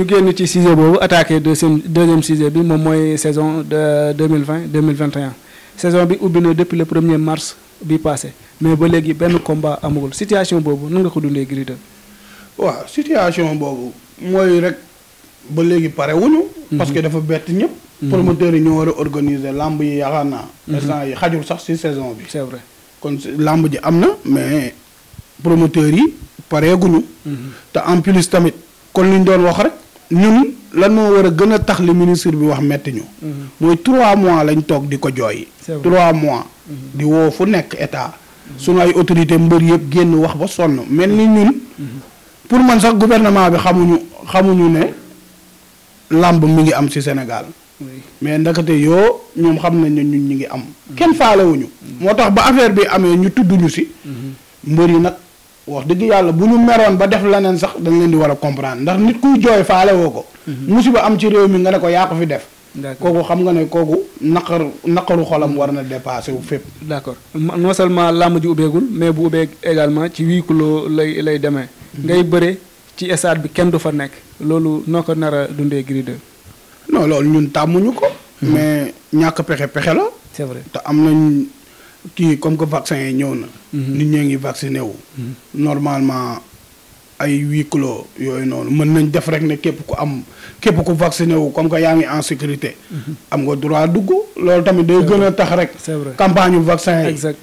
ñu génn ci sujet boobu attaqué deuxième deuxième sujet bi moom mooy saison de 2020 2021 saison bi ubbi na depuis le premier mars bi passé mais ba léegi benn combat amagul situation boobu nu nga ko dundee Gris 2 waaw situation boobu mooy rek ba léegi pare wuñu mhm. parce que dafa bett ñëpp mhm. promoteurs yi ñoo war a organiser làmb yi yaakaar naa mhm. instant yi xajul sax ci saison bi c'est vrai kon lamb ji am na mais promoteurs yi pareeguñu te en plus tamit kon li doon wax ñun lan moo war a gën a tax li ministre bi wax metti ñu mhm. mooy trois mois lañ toog di ko jooy trois mois mhm. di woo fu nekk état mhm. suñu ay autorité mbër yëpp génn wax ba sonn mel ni ñun pour man sax gouvernement bi xamuñu xamuñu ne làmb mu ngi am ci Sénégal mais ndakate yoo ñoom xam nañ ne ñun ñu ngi am kenn faalewuñu moo tax ba affaire bi amee ñu tudd ñu ci mbër yi nag wax dëgg yàlla bu ñu meroon ba def leneen sax dañ leen di war a comprendre ndax nit kuy jooy faale woo ko. Mhm. musiba am ci réew mi nga ne ko yaa ko fi def. kooku xam nga ne kooku naqar naqaru xolam war na dépassé wu fépp. d' accord non seulement làmb ji ubbeegul mais bu ubbee également ci huis clos lay lay demee. Mhm. ngay bëre ci stade bi kenn du fa nekk. loolu noo ko nar a dundee Gris 2. loolu ñun tàmmuñu ko. Mhm. mais ñàkk pexe pexe la. c' te am nañ. kii comme que vaccin yi ñëw na. Mhm. ni ñoo ngi vacciné wu. Mhm. normalement ay huis clos yooyu noonu mën nañ def rek ne képp ku am képp ku vacciné wu comme que yaa ngi en sécurité. Mhm. am nga droit dugg. loolu tamit day gën a tax rek. campagne yu vaccin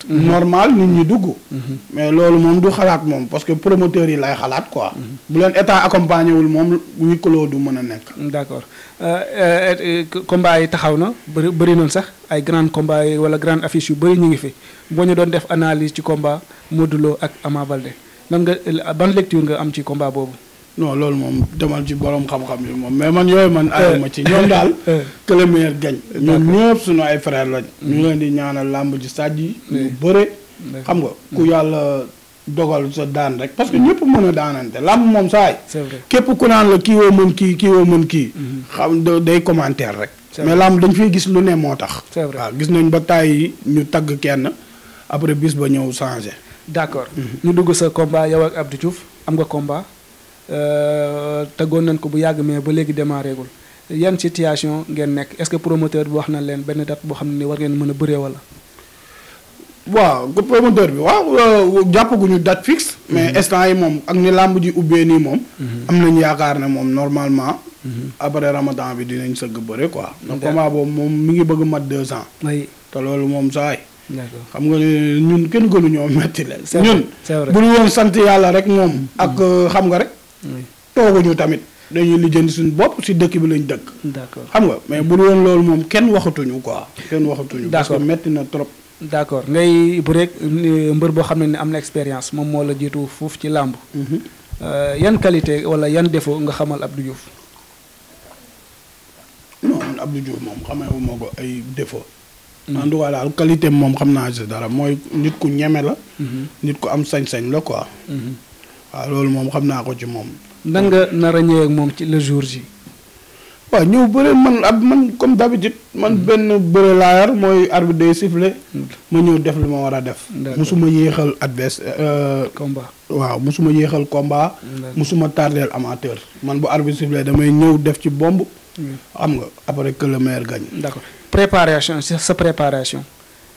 mhm. normal nit ñi dugg. Mhm. mais loolu moom du xalaat moom parce que promoteurs yi lay xalaat quoi. bu leen état accompagné wul moom huis clos du mën a nekk. d' accord euh, euh, combat yi taxaw na bëri bëri noonu sax ay grand combat yi wala grande affice yu bëri ñu ngi fi boo ñu doon def analyse ci combat Modou ak Ama lan nga ban lecture nga am ci combat boobu. non loolu moom demal ci borom xam-xam yi moom mais man yooyu man. ayoo ma ci eh. ñoom daal. Eh. que le meilleur eh, ñoom ñëpp sunu ay frères lañ. Mm. ñu leen di ñaanal làmb ji stade yi. ñu bëre. xam nga ku mm. yàlla dogal sa daan rek parce que mm. ñëpp mën a daanante làmb moom saay. c'est vrai képp ku naan la kii woo mën kii kii woo mën kii. Mm-hmm. xam day commentaire rek. mais làmb dañ fay gis lu ne moo tax. waaw gis nañ ba tàyyi ñu tagg kenn après bis ba ñëw changé. d' accord ñu dugg sa combat yow ak Abdou Diouf am nga combat euh, tegoon nañ ko bu yàgg mais ba léegi démarré gul yan situation ngeen nekk est ce que promoteur bi wax na leen benn date boo xam ni war ngeen mën a bëree wala. waaw promoteur bi waaw euh, jàppaguñu date fixe. mais mhm. instant yi moom ak ni làmb ji ubbee nii moom. Mhm. am nañ yaakaar ne moom normalement. Mhm. après ramadan bi dinañ sëgg bëre quoi. donc combat boobu moom mi ngi bëgg mat deux ans. te loolu moom saay d'accord xam nga ne ñun kenn gënu ñoo metti la. ñun bu ñu woon sant yàlla rek moom. ak mm. euh, xam nga rek. tooguñu tamit dañuy lijjanti suñu bopp si dëkk bi lañ dëkk. d'accord xam nga mais bu ñu woon loolu moom kenn waxatuñu ko kenn waxatuñu. parce que metti na trop. d'accord ngay bu rek mbër boo xam ne ni am na expérience moom moo la jiitu foofu ci làmb. Mhm. Euh, yan qualité wala yan défaut nga xamal ab Diouf. non man Abdou Diouf moom xamee wu ma ko ay défaut. en tout cas daal qualité moom xam naa si dara mooy nit ku ñeme la. Mhm. nit ku am sañ-sañ la quoi. Mhm. waaw loolu moom xam naa ko ci moom. nan nga nar a ñëwee ak moom ci le jour ji. waaw ñëw bëre man ab man comme d'habitude man mhm. benn bëre laa yor mooy arbitre day siffler ma ñëw def li ma war a def musuma yéexal adversaire euh, combat waaw musuma yéexal combat musuma tardeel amateur man bu arbitre siffler damay ñëw def ci bomb xam nga après que le meilleur préparation si sa préparation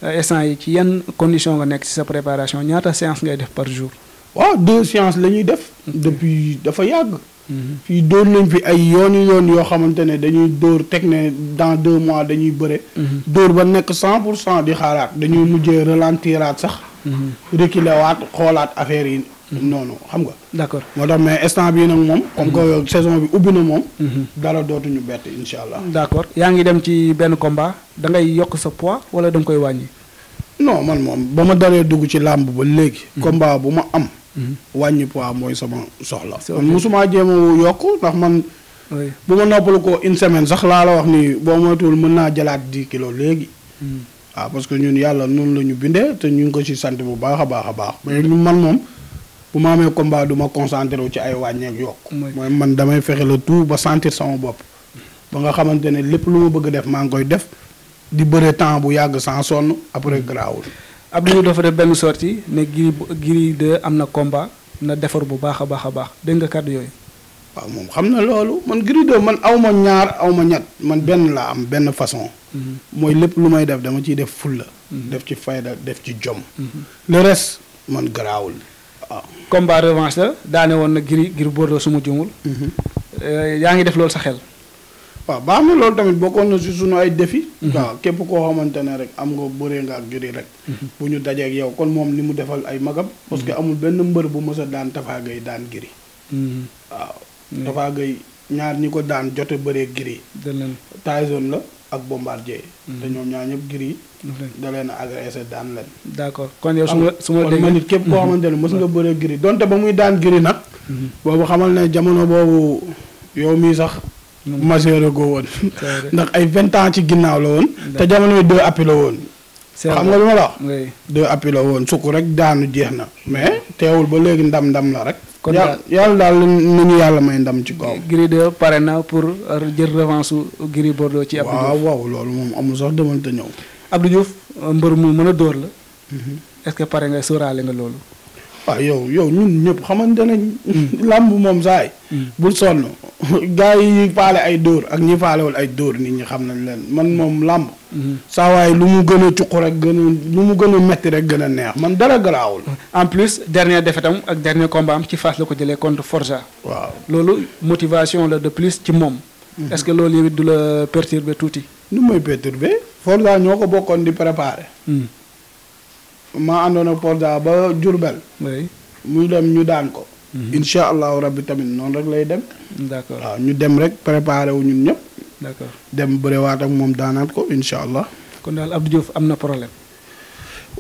euh, instant yi ci yan condition nga nekk si sa préparation ñaata séance ngay def par jour. waaw deux séances la ñuy def. depuis dafa yàgg. Mhm. fii dóor nañ fi ay yooni yoon yoo xamante ne dañuy dóor teg ne dans deux mois dañuy bëre. Mhm. dóor ba nekk cent pour cent di xaaraat dañuy mujjee ralentiraat sax. Mhm. reculer waat xoolaat affaire yi. noonu xam nga. d'accord moo tax mais instant bii nag moom. comme que mhm. saison bi ubbi na moom. Mhm. dara dootuñu bett incha allah. d'accord yaa ngi dem ci benn combat da ngay yokk sa poids wala da koy wàññi. non man moom ba ma daree dugg ci làmb ba léegi. Mhm. combat bu ma am. wàññi poids mooy sama soxla. man mosuma jéem a yokk ndax man. bu ma noppalu ko une semaine sax laa la wax ni boo moytuwul mën naa jalaat di kilos léegi. waaw ah, parce que ñun yàlla noonu la ñu bindee te ñu ngi ko ci sant bu baax a baax a baax man moom. bu ma amee combat duma ma wu ci ay wàññeek yokk mooy man damay fexe la tout ba sentir sama bopp ba nga xamante ne lépp lu ma bëgg def maa ngi koy def di bëre temps bu yàgg sans sonn après garaawul Abdou dafa def benn sortie ne Gris Gris 2 am na combat na defar bu baax a baax a baax dégg nga kàddu yooyu waaw moom xam na loolu man Gris 2 man aw ma ñaar aw ma ñett man benn laa am benn façon mhm. mooy lépp lu may def dama ciy def fulla mhm. def ci fayda def ci jom mhm. le reste man combat revanche la daane woon na giri giri Bordeaux suma jumul mhm. yaa ngi def loolu sa xel waaw baax na loolu tamit bokkoon na si sunu ay defi mhm. waaw képp koo xamante ne rek am nga bëree nga ak giri rek mhm. bu ñu dajee ak yow kon moom li mu defal ay magam parce que amul benn mbër bu mës a daan Tapha Gueye daan giri waaw Tapha ñaar ñi ko daan jote bëree giri Tyson la ak bombardier. Mhm. te ñoom ñaar ñëpp gris. da leen a agressé daan leen. d' accord kon yow su ma su ma nit képp koo mhm. xamante ne mos nga bëree gris donte ba muy daan gris nag. Mhm. boobu xamal ne jamono boobu yow mii sax. majeur goo woon. ndax ay vingt ans ci ginnaaw la woon. te jamono yi deux la woon. xam nga lu ma la wax. oui deux woon sukk rek daanu jeex na mais teewul ba léegi ndam-ndam la rek. kon daal daal nu ñu yàlla may ndam ci kaw. Gris pare na pour jël revanche su Gris Bordeaux ci Abdou waaw loolu moom amul sax demal te ñëw. Abdou Diouf mbër mu mën a door la. Mhm. est-ce que pare nga sóoraale nga loolu. waaw ah, yow yow ñun ñëpp xamante nañ hmm. làmb moom saay hmm. bul sonn gaa yi ñuy faale ay dóor ak ñi faalewul ay dóor nit ñi xam nañ leen man moom làmb hmm. saa waaye lu mu gën a cuq rek gën a lu mu gën a metti rek gën a neex man dara garaawul en plus dernier défaite ak dernier combat am ci face la ko jëlee contre Forza waaw loolu motivation la de plus ci moom est que loolu yëwit du la perturber tuuti nu mooy perturber Forza ñoo ko bokkoon di préparer maa àndoon ak Porza ba Diourbel. mu dem ñu daan ko. Mhm. incha rab rabbi tamit noonu rek lay dem. d'accord waaw ñu dem rek préparé wu ñun ñëpp. d'accord dem bërewaat ak moom daanaat ko incha allah. kon daal ab Diouf am na problème.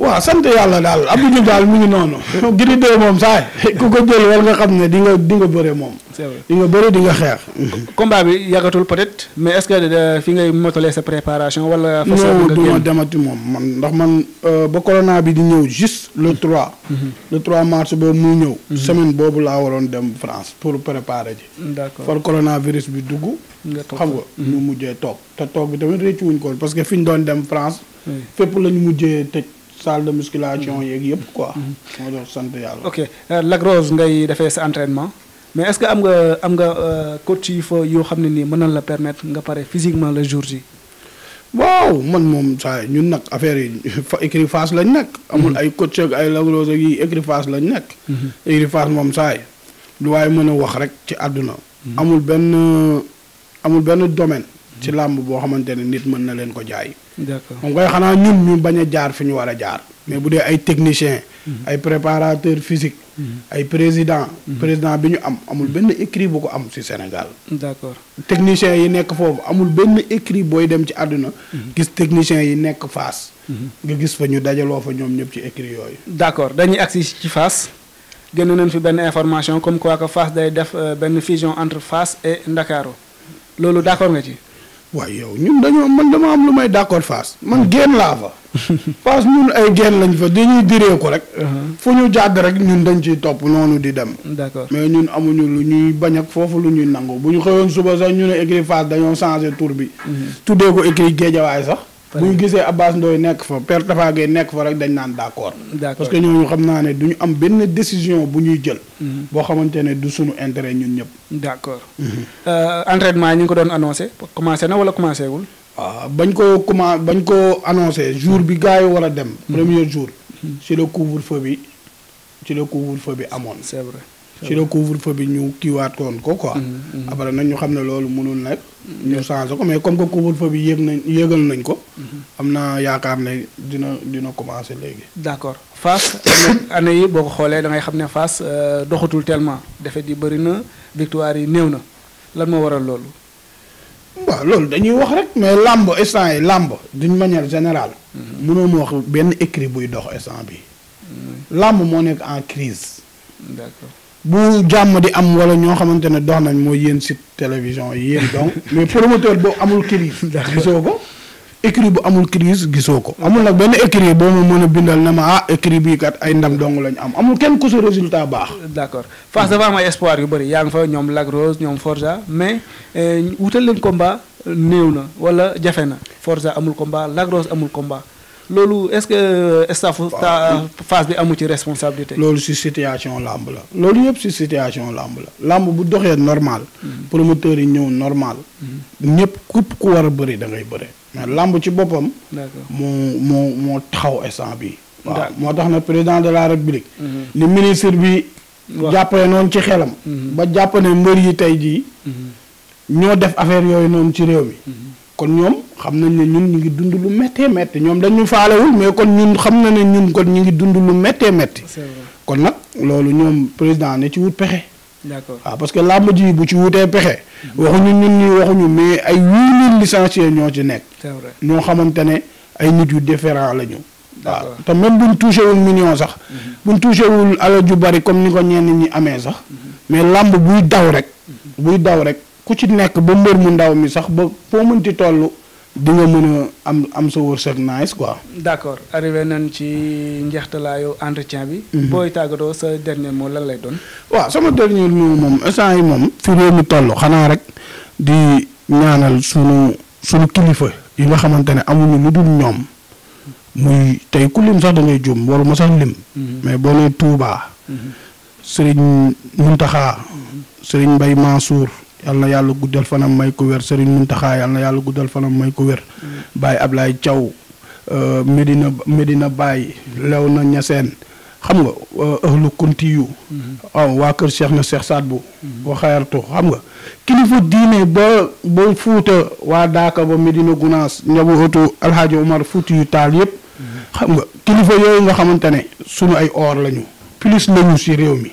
waaw sant yàlla daal Abdou daal mu ngi noonu. Gris moom saa ku ko jël war nga xam ne di nga di nga bëre moom. c'est vrai nga bëre di nga xeex. combat bi yàggatul peut-être mais est-ce euh, fi ngay motalee sa préparation wala. façon du demati moom man ndax man euh, ba corona bi di ñëw juste le 3. Mhm. Mhm. le 3 mars boobu muy ñëw. Mhm. semaine boobu laa waroon dem France pour préparer ji. d'accord far coronavirus bi dugg. nga toog xam nga ñu mujjee toog. te toog bi tamit réccu wuñ ko parce que fi ñu doon dem France. fépp la ñu mujjee tëj. salle de musculation mm-hmm. yeeg yëpp quoi. Mm-hmm. moo doon sant yàlla. ok euh, Lac ngay defee sa entraînement mais est-ce am nga am nga euh, coach yi fa yoo xam ne nii mën nañ la permettre nga pare physiquement la jour ji. waaw man moom saa ñun nag affaire yi fa lañ nekk. amul mm-hmm. ay coach ak ay Lac Rose ak yi écurie Fass lañ nekk. écurie moom saa lu waaye mën a wax rek ci àdduna. amul benn amul benn domaine. ci làmb boo xamante ne nit mën na leen ko jaay. d'accord moom koy xanaa ñun ñu bañ a jaar fi ñu war a jaar. mais bu dee ay technicien mhm. ay préparateur physique. Mhm. ay président. Mhm. président bi ñu am amul benn écrit bu ko am ci Sénégal. d'accord technicien yi nekk foofu amul benn écrit booy dem ci àdduna. gis technicien yi nekk Fass. nga gis fa ñu dajaloo fa ñoom ñëpp ci écrit yooyu. d'accord dañuy agsi ci fas génn nañ fi benn information comme quoi que Fass day def euh, benn fusion entre Fass et Ndakaaru loolu d'accord nga ci. waaye yow ñun dañoo man dama am lu may d'accord fas man génn laa fa Fass mun ay génn lañ fa dañuy diree ko rek uh-huh. fu ñu jàdd rek ñun dañ ciy topp noonu di dem d'accord mais ñun amuñu lu ñuy bañ ak foofu lu ñuy nangu bu ñu xëyoon suba sax ñu ne écurie Fass dañoo changé tour bi mm-hmm. tuddee ko écurie Guédiawaye sax bu ñu gisee Abbas Ndoye nekk fa Père Tafa Gueye nekk fa rek dañ naan d' accord. parce que ñooñu xam naa ne du ñu am benn décision bu ñuy jël. Mhm. boo xamante ne du suñu intérêt ñun ñëpp. d' accord mhm. euh, entraînement ñu ngi ko doon annoncé commencé na wala commencé wul. waaw ah, bañ ko comment bañ ko annoncé jour bi gars yi war a dem. Mhm. premier jour. ci le couvre feu bi ci la couvre feu bi amoon. c' ci la couvre-feu bi ñu kiiwaat koon ko quoi. Mm-hmm, mm-hmm. après nag ñu xam ne loolu mënul nag. ñu mm-hmm. changé ko mais comme que couvre-feu bi yéeg nañ yéegal nañ ko. am na yaakaar ne dina dina commencé léegi. d'accord Fass année yi boo ko xoolee da xam ne fas euh, doxatul tellement défaite yi bëri na victoire yi néew na lan moo waral loolu. waaw loolu dañuy wax rek mais làmb instant yi làmb d'une manière générale. mënoo ma wax benn écrit buy dox instant bi làmb moo nekk en crise bu jàmm di am wala ñoo xamante ne dox nañ mooy yéen site télévision yi yéen donc mais promoteur boo amul crise gisoo ko écrit bu amul crise gisoo ko amul nag benn écrit boo ma mën a bindal na ma ah écrit bii kat ay ndam dong lañ am amul kenn ku sa résultat baax d'accord Fass dafa am ay espoir yu bëri yaa ngi fa ñoom Lac Rose ñoom Forza mais euh, wutal leen combat néew na wala jafe na Forza amul combat Lac Rose amul combat loolu est-ce que euh, staff phase bi amu ci responsabilité. loolu si situation làmb la loolu yëpp si situation làmb la làmb bu doxee normal. Hmm. promoteurs yi ñëw normal. Hmm. ñëpp képp ku war a bëri da ngay bëri. mais làmb ci boppam. moo moo moo taxaw instant bi waaw moo tax na président de la république. Hmm. ni ministre bi. jàppale noonu ci xelam. ba jàpp mbër yi tey jii. ñoo def affaire yooyu noonu ci réew mi. kon ñoom xam nañ ne ñun ñu ngi dund lu méttee métti ñoom dañu faalewul mais kon ñun xam na ne ñun kon ñu ngi dund lu méttee métti kon nag loolu ñoom président ni ci wut pexe d'accord waaw parce que làmb ji bu ci wutee pexe waxuñu ñu ñi waxuñu mais ay huit mille ñoo ci nekk ñoo xamante ne ay nit yu différent la ñu waaw te même buñ touché wul sax mhm. buñ touché wul alal ju bari comme ni ko ñenn ñi amee sax mhm. mais làmb buy daw rek mhm. buy daw rek ku ci nekk ba mbër mu ndaw mi sax ba foo mënti toll di mën a am am sa wërsëg nice quoi. d'accord arrivé nañ ci njeextalaayu entretien bi. Mhm. booy tàggatoo sa dernier mot lan lay doon. waaw sama dernier mot moom instant yi moom. fi réew mi xanaa rek di ñaanal sunu sunu kilifa yi nga xamante ne amuñu lu dul ñoom. muy tey ku lim sax da ngay juum ma sax lim. Mhm. mais boo nee Touba. Mhm. Serigne Mountakha. mbay Mbaye Mansour. yal na yàlla guddal fanam may ko wér Serigne Mountakha yal na yàlla guddal fana may ko wér. Baye Ablaye Thiaw euh, Medina Medina Baye na Niassène xam nga ëhlu euh, kuntiyu waaw mm-hmm. ah, waa kër Cheikh na Cheikh Sadbu ba mm-hmm. xayartu xam nga kilifa diine ba ba fuuta waa daaka ba Medina Gunaas njabootu alhaaji Omar fuuti yu taal yëpp mm-hmm. xam nga kilifa yooyu nga xamante ne suñu ay or lañu plus lañu si réew mi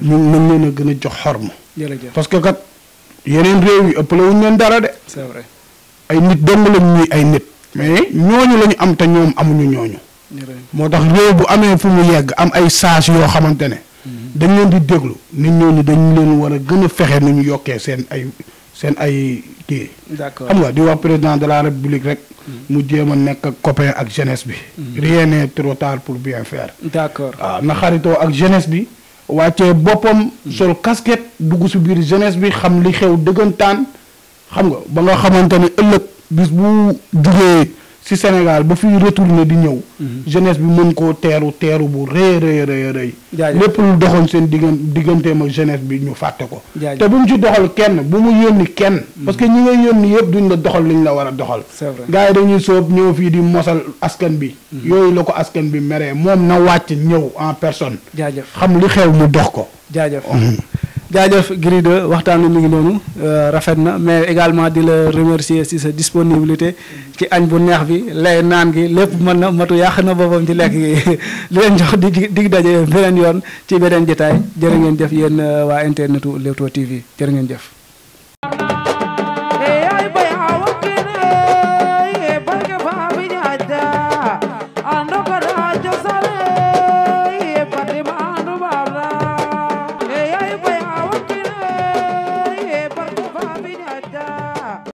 ñu mën leen gën a jox xorma parce yeneen réew yi ëppale wuñ leen dara de. c'est ay nit dong lañ ñuy ay nit. mais ñooñu lañu am te ñoom amuñu ñooñu. moo tax réew bu amee fu mu yegg am ay saas yoo xamante ne. Mhm. dañ leen di déglu nit ñooñu dañ leen war a gën a fexe nu yokkee seen ay seen ay kii. d'accord xam nga di wax président de la république rek. Mhm. mu jéem a nekk copain ak jeunesse bi. Mhm. rien n'est trop tard pour bien faire. d'accord waaw ah, na xaritoo ak jeunesse bi. wàccee boppam sol casquette dugg si biir jeunesse bi xam li xew dëggantaan xam nga ba nga xamante ne ëllëg bis bu jugee si Sénégal ba fiy retourné di ñëw. Mhm. jeunesse bi mën koo teeru teeru bu rëy rëy rëy rëy. lépp lu doxoon seen diggan digganteem ak jeunesse bi ñu fàtte ko. te bu mu ci doxal kenn bu mu yónni kenn. Mhm. parce que ñi ngay yónni yëpp duñ la doxal liñ la war a doxal. gars yi dañuy soob ñëw fii di mosal askan bi. Mhm. yooyu la ko askan bi meree moom na wàcc ñëw en personne. xam li xew mu dox ko. jaajëf. jaajëf Gris 2 waxtaan wi mi ngi noonu euh, rafet na mais également di la remercier si sa disponibilité ci añ bu neex bi lay naan gi lépp mën na matu yàq na boppam ci lekk gi li leen jox di dig daje beneen yoon ci beneen jotaay jërë ngeen jëf yéen euh, waa internetu Leewtoo TV jërë ngeen jëf.